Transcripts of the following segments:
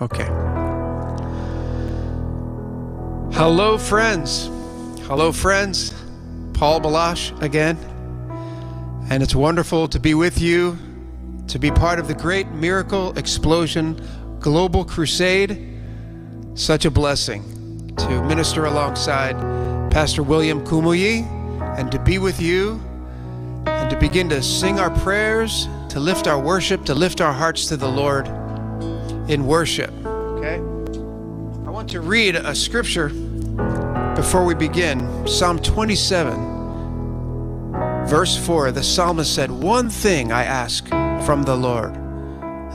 Okay. Hello, friends. Hello, friends. Paul Balash again. And it's wonderful to be with you, to be part of the great miracle explosion global crusade. Such a blessing to minister alongside Pastor William Kumuyi and to be with you and to begin to sing our prayers, to lift our worship, to lift our hearts to the Lord in worship. Okay? I want to read a scripture before we begin Psalm 27, verse 4. The psalmist said, One thing I ask from the Lord,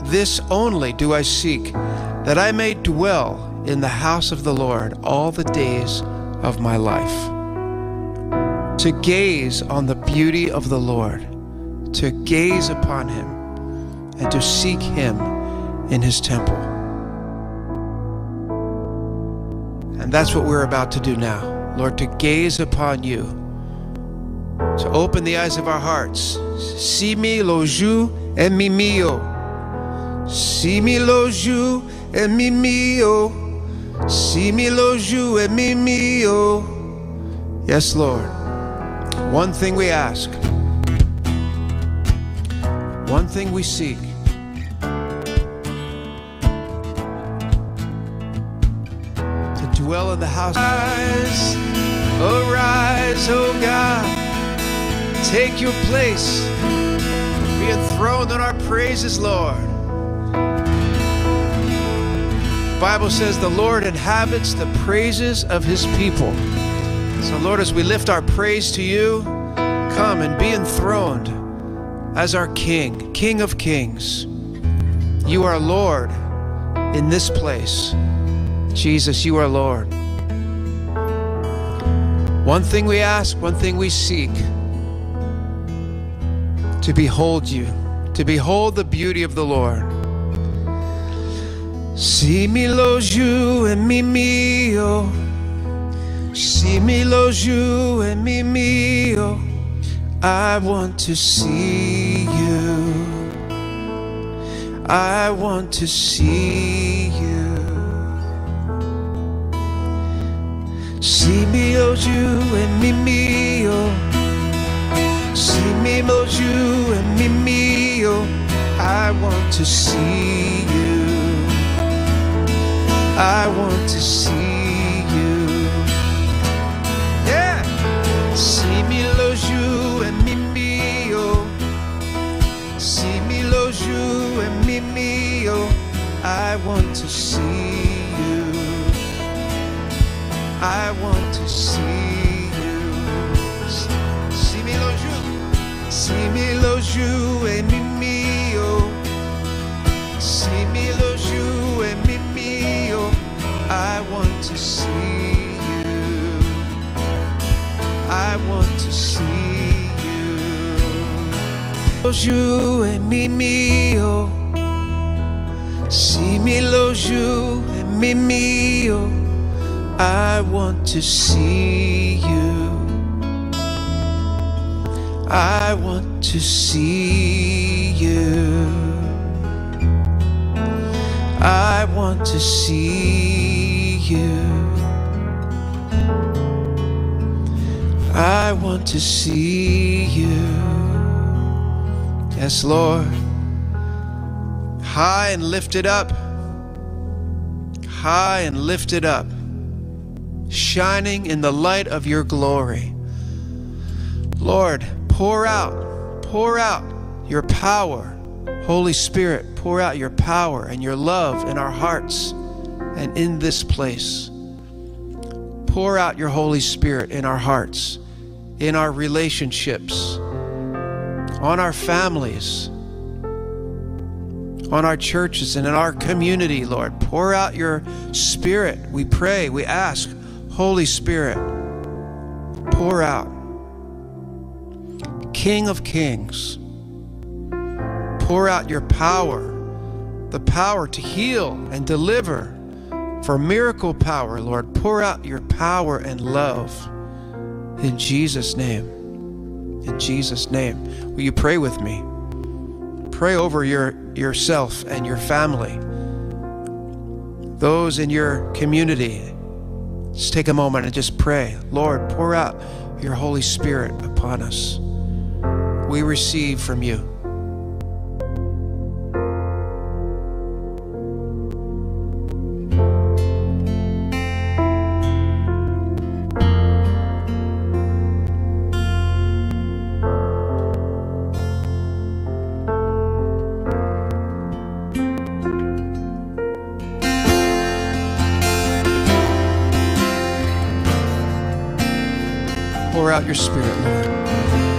this only do I seek, that I may dwell in the house of the Lord all the days of my life. To gaze on the beauty of the Lord, to gaze upon him, and to seek him in his temple. And that's what we're about to do now, Lord, to gaze upon you, to open the eyes of our hearts. Si mi lo ju en mi mio. Si mi lo ju en mi mio. Si mi lo ju en mi mio. Yes, Lord. One thing we ask, one thing we seek. dwell in the house. Arise, arise, O God. Take your place. Be enthroned on our praises, Lord. The Bible says the Lord inhabits the praises of his people. So, Lord, as we lift our praise to you, come and be enthroned as our King, King of Kings. You are Lord in this place. Jesus, you are Lord. One thing we ask, one thing we seek to behold you, to behold the beauty of the Lord. Si mi lo giù e mi mio, si mi lo giù e mi mio, I want to see you. I want to see Simi you and See me, Simi you and me, yo. I want to see you. I want to see you. I want to see you. Si mi lo giù, si mi lo giù e mi mio. Si mi lo giù e mi mio. I want to see you. I want to see you. Lo giù e mi mio. Si mi lo giù e mi mio. I want to see you. I want to see you. I want to see you. I want to see you. Yes, Lord. High and lifted up. High and lifted up shining in the light of your glory. Lord, pour out, pour out your power. Holy Spirit, pour out your power and your love in our hearts and in this place. Pour out your Holy Spirit in our hearts, in our relationships, on our families, on our churches, and in our community, Lord. Pour out your Spirit, we pray, we ask. Holy Spirit, pour out. King of Kings, pour out your power, the power to heal and deliver. For miracle power, Lord, pour out your power and love in Jesus' name. In Jesus' name. Will you pray with me? Pray over your, yourself and your family, those in your community, just take a moment and just pray. Lord, pour out your Holy Spirit upon us. We receive from you. pour out your spirit, Lord.